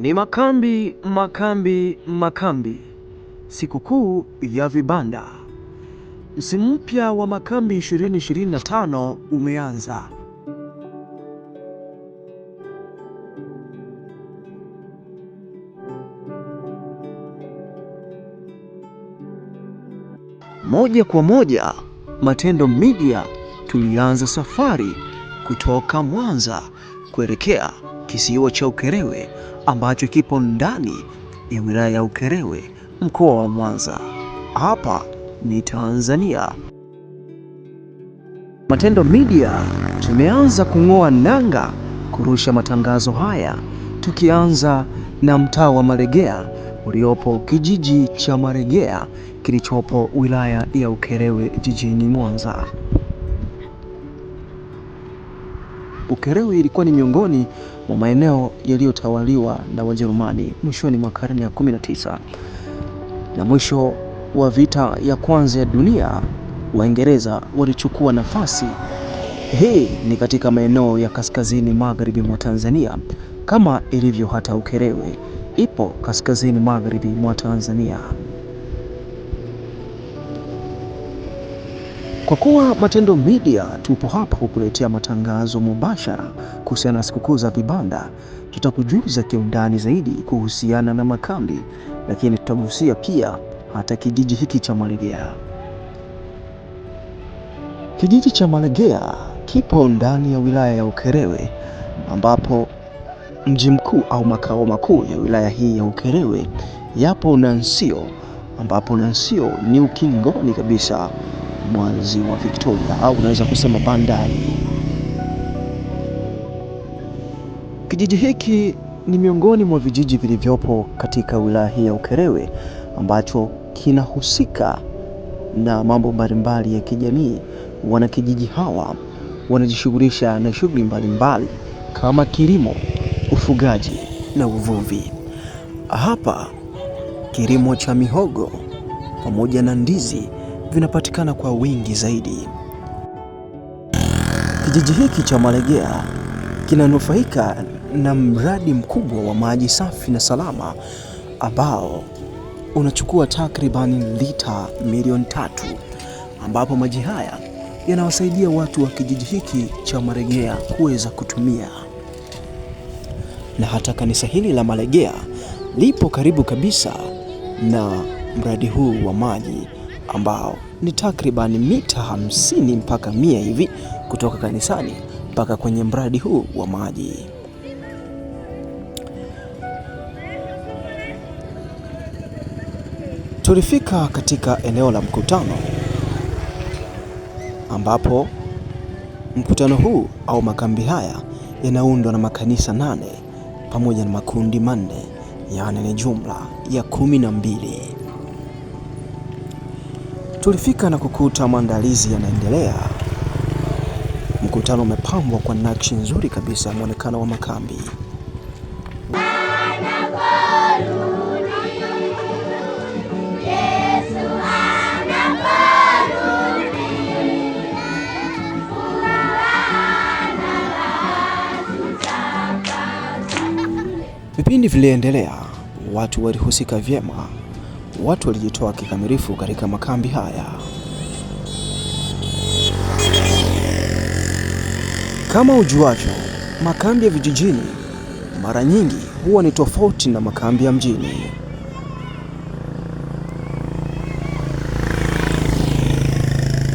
Ni makambi makambi makambi, sikukuu ya vibanda. Msimu mpya wa makambi 2025 umeanza. Moja kwa moja, Matendo Media tulianza safari kutoka Mwanza kuelekea kisiwa cha Ukerewe ambacho kipo ndani ya wilaya ya Ukerewe mkoa wa Mwanza. Hapa ni Tanzania. Matendo Media tumeanza kung'oa nanga kurusha matangazo haya tukianza na mtaa wa Maregea uliopo kijiji cha Maregea kilichopo wilaya ya Ukerewe jijini Mwanza. Ukerewe ilikuwa ni miongoni mwa maeneo yaliyotawaliwa na Wajerumani mwishoni mwa karne ya 19 na mwisho wa vita ya kwanza ya dunia Waingereza walichukua nafasi hii ni katika maeneo ya kaskazini magharibi mwa Tanzania kama ilivyo hata Ukerewe ipo kaskazini magharibi mwa Tanzania. Kwa kuwa Matendo Media tupo hapa kukuletea matangazo mubashara kuhusiana na sikukuu za vibanda, tutakujuza kiundani zaidi kuhusiana na makambi, lakini tutagusia pia hata kijiji hiki cha Malegea. Kijiji cha Malegea kipo ndani ya wilaya ya Ukerewe ambapo mji mkuu au makao makuu ya wilaya hii ya Ukerewe yapo Nansio, ambapo Nansio ni ukingoni kabisa mwa ziwa Victoria au unaweza kusema bandari. Kijiji hiki ni miongoni mwa vijiji vilivyopo katika wilaya hii ya Ukerewe ambacho kinahusika na mambo mbalimbali ya kijamii. Wanakijiji hawa wanajishughulisha na shughuli mbalimbali kama kilimo, ufugaji na uvuvi. Hapa kilimo cha mihogo pamoja na ndizi vinapatikana kwa wingi zaidi. Kijiji hiki cha Malegea kinanufaika na mradi mkubwa wa maji safi na salama ambao unachukua takribani lita milioni tatu ambapo maji haya yanawasaidia watu wa kijiji hiki cha Malegea kuweza kutumia, na hata kanisa hili la Malegea lipo karibu kabisa na mradi huu wa maji ambao ni takribani mita hamsini mpaka mia hivi kutoka kanisani mpaka kwenye mradi huu wa maji. Tulifika katika eneo la mkutano ambapo mkutano huu au makambi haya yanaundwa na makanisa nane pamoja na makundi manne, yaani ni jumla ya kumi na mbili. Tulifika na kukuta maandalizi yanaendelea. Mkutano umepambwa kwa nakshi nzuri kabisa, mwonekano wa makambi Vipindi viliendelea, watu walihusika vyema watu walijitoa kikamilifu katika makambi haya. Kama ujuavyo, makambi ya vijijini mara nyingi huwa ni tofauti na makambi ya mjini.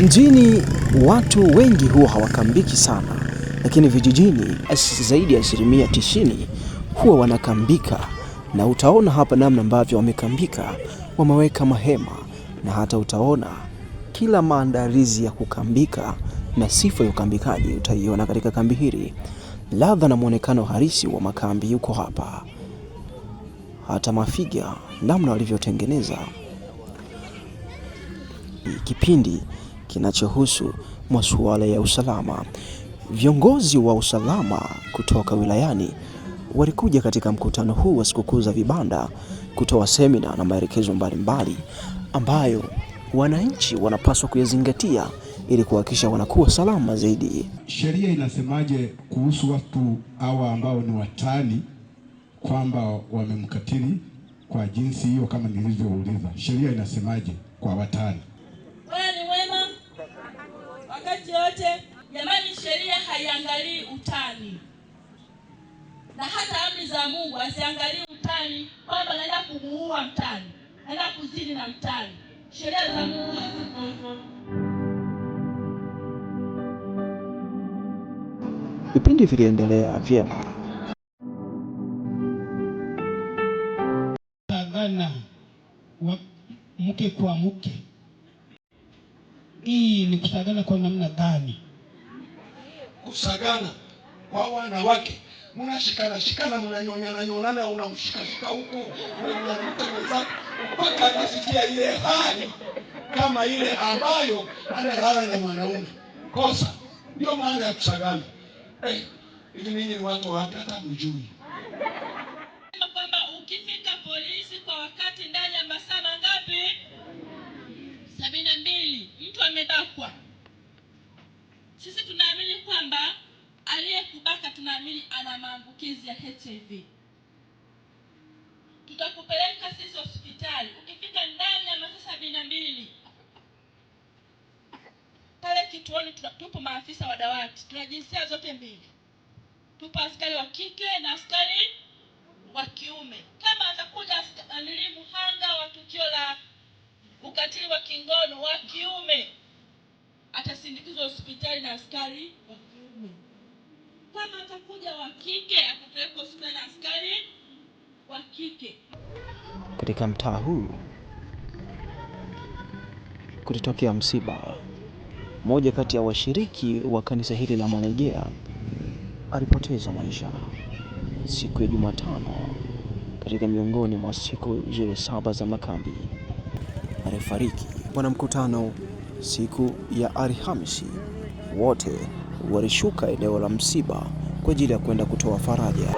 Mjini watu wengi huwa hawakambiki sana, lakini vijijini zaidi ya asilimia tisini huwa wanakambika, na utaona hapa namna ambavyo wamekambika wameweka mahema na hata utaona kila maandalizi ya kukambika na sifa ya ukambikaji utaiona katika kambi hili. Ladha na mwonekano halisi wa makambi yuko hapa, hata mafiga namna walivyotengeneza. Kipindi kinachohusu masuala ya usalama, viongozi wa usalama kutoka wilayani walikuja katika mkutano huu wa sikukuu za vibanda kutoa semina na maelekezo mbalimbali ambayo wananchi wanapaswa kuyazingatia ili kuhakikisha wanakuwa salama zaidi. Sheria inasemaje kuhusu watu hawa ambao ni watani kwamba wamemkatili kwa jinsi hiyo? Kama nilivyouliza, sheria inasemaje kwa watani? Wewe ni wema wakati wote jamani, sheria haiangalii utani na hata amri za Mungu haziangalii mtani kwamba naenda kumuua mtani, naenda kuzini na mtani. Sheria za Mungu vipindi viliendelea vyema. Agana wa mke kwa mke, hii ni kusagana kwa namna gani? Kusagana kwa wanawake mnashikana shikana, mnanyonyana nyonana, unamshikashika huku mpaka anasikia ile hali kama ile ambayo analala na mwanaume. Kosa ndio maana ya kusagana eh, hivi. Ninyi ni wapi? Hata mjui kwamba ukifika polisi kwa wakati ndani ya masaa mangapi? sabini na mbili mtu amebakwa. Sisi tunaamini kwamba aliyekubaka tunaamini ana maambukizi ya hiv tutakupeleka sisi hospitali ukifika ndani ya masaa sabini na mbili pale kituoni tupo maafisa wa dawati tuna jinsia zote mbili tupo askari wa kike na askari wa kiume kama atakuja nili mhanga wa tukio la ukatili wa kingono wa kiume atasindikizwa hospitali na askari wa kama atakuja wa kike akapelekwa hospitali na askari wa kike. Katika mtaa huu kulitokea msiba. Mmoja kati ya washiriki wa kanisa hili la manegea alipoteza maisha siku ya Jumatano katika miongoni mwa siku zile saba za makambi. Alifariki kwa mkutano siku ya Alhamisi wote walishuka eneo la msiba kwa ajili ya kwenda kutoa faraja.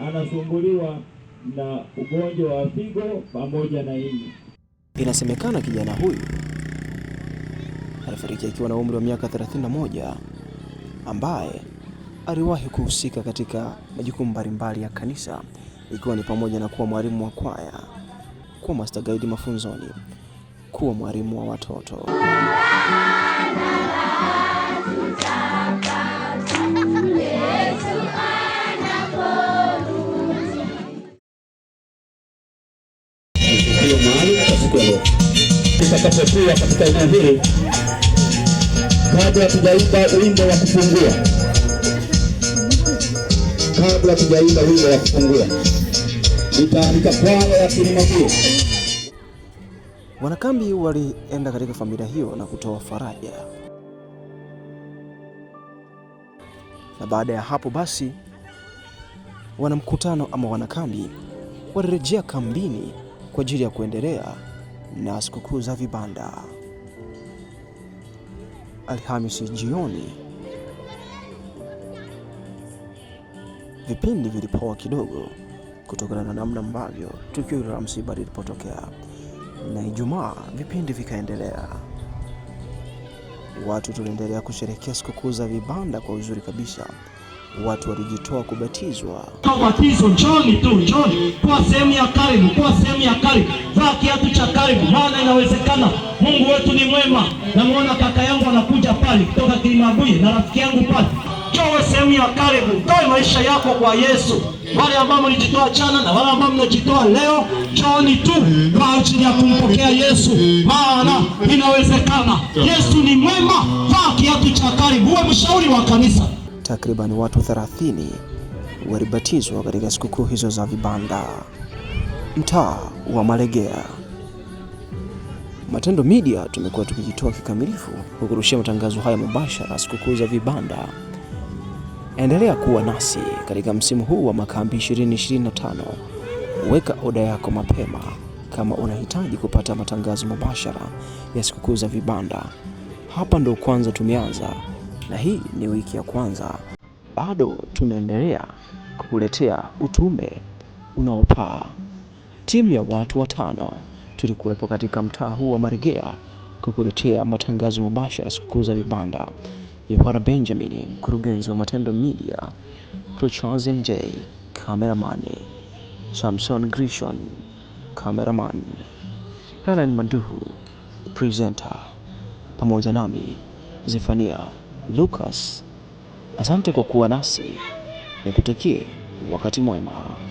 Anasumbuliwa na ugonjwa wa figo pamoja na ini. Inasemekana kijana huyu alifariki akiwa na umri wa miaka 31 ambaye aliwahi kuhusika katika majukumu mbalimbali ya kanisa ikiwa ni pamoja na kuwa mwalimu wa kwaya kuwa master guide mafunzoni, kuwa mwalimu wa watoto itakapokuwa katika eneo hili. Kabla wimbo wa kufungua, kabla wimbo wa kufungua utaandika ya Wanakambi walienda katika familia hiyo na kutoa faraja, na baada ya hapo basi wanamkutano ama wanakambi walirejea kambini kwa ajili ya kuendelea na sikukuu za vibanda. Alhamisi jioni vipindi vilipoa kidogo kutokana na namna ambavyo tukio la msiba lilipotokea, na Ijumaa vipindi vikaendelea, watu tuliendelea kusherehekea sikukuu za vibanda kwa uzuri kabisa. Watu walijitoa kubatizwa. Ubatizo, njoni tu, njoni kwa sehemu ya karibu, kwa sehemu ya karibu, vaa kiatu cha karibu, maana inawezekana. Mungu wetu ni mwema. Namwona kaka yangu anakuja pale kutoka Kilimabuye na rafiki yangu pale utoe sehemu ya karibu, utoe maisha yako kwa Yesu. Wale ambao mlijitoa jana na wale ambao mnajitoa leo, njooni tu kwa ajili ya kumpokea Yesu, maana inawezekana. Yesu ni mwema. Vaa kiatu cha karibu, uwe mshauri wa kanisa. Takriban watu 30 walibatizwa katika sikukuu hizo za vibanda, mtaa wa Maregea. Matendo Media tumekuwa tukijitoa kikamilifu kukurushia matangazo haya mubashara, sikukuu za vibanda. Endelea kuwa nasi katika msimu huu wa Makambi 2025. Weka oda yako mapema kama unahitaji kupata matangazo mubashara ya sikukuu za vibanda. Hapa ndo kwanza tumeanza, na hii ni wiki ya kwanza. Bado tunaendelea kukuletea utume unaopaa. Timu ya watu watano tulikuwepo katika mtaa huu wa Marigea kukuletea matangazo mubashara sikukuu za vibanda. Yohana Benjamin, mkurugenzi wa Matendo Media, Charles MJ, kameramani, Samson Grishon, kameraman, Helen Manduhu, presenter, pamoja nami Zefania Lucas. Asante kwa kuwa nasi, nikutakie wakati mwema.